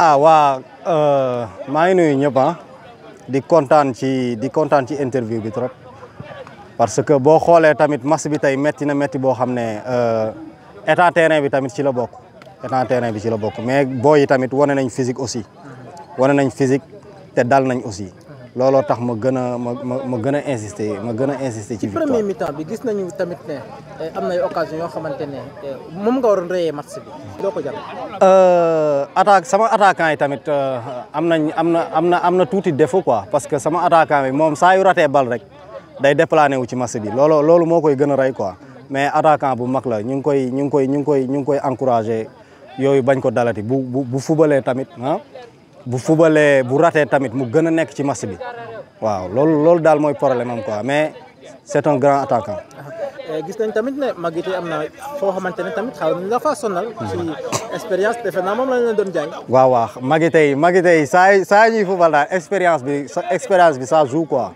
ah waa maa ngi nuyu ñëpp di kontaan ci di kontaan ci interview bi gitu, trop parce que bo xolé tamit mass bi tay metti na metti bo xamné euh état terrain bi tamit ci la bok état terrain bi ci la bok mais bo yi tamit woné nañ physique aussi woné nañ physique té dal nañ aussi lolo tax ma gëna ma gëna insister ma gëna insister ci victoire premier mi-temps bi gis nañu tamit né eh, amna ay occasion yo xamante eh, mom nga waron rëyee match bi loo ko jàpp. Euh, attaque sama attaquant yi tamit euh, am nañ am na am na am na tuuti défaut quoi parce que sama attaquant yi moom saa yu rate bal rek day déplané wu ci match bi loolu loolu moo koy gën a rey quoi mais attaquant bu mag la ñu ngi koy ñu ngi koy ñu ngi koy ñu ngi koy encouragé yooyu bañ ko dalati bu bu bu fubalee tamit ah bu fubalee bu ratee tamit mu gën a nekk ci match bi waaw loolu loolu daal mooy problème am mais c'est un grand attaquant. waaye eh, gis nañ tamit ne mag yi am na foo xamante ne tamit xaw nañ la faa ci expérience defe naa moom la leen jaay. waaw waaw mag yi tey mag yi tey saa saa ñuy fubal daal expérience bi expérience bi ça joue quoi.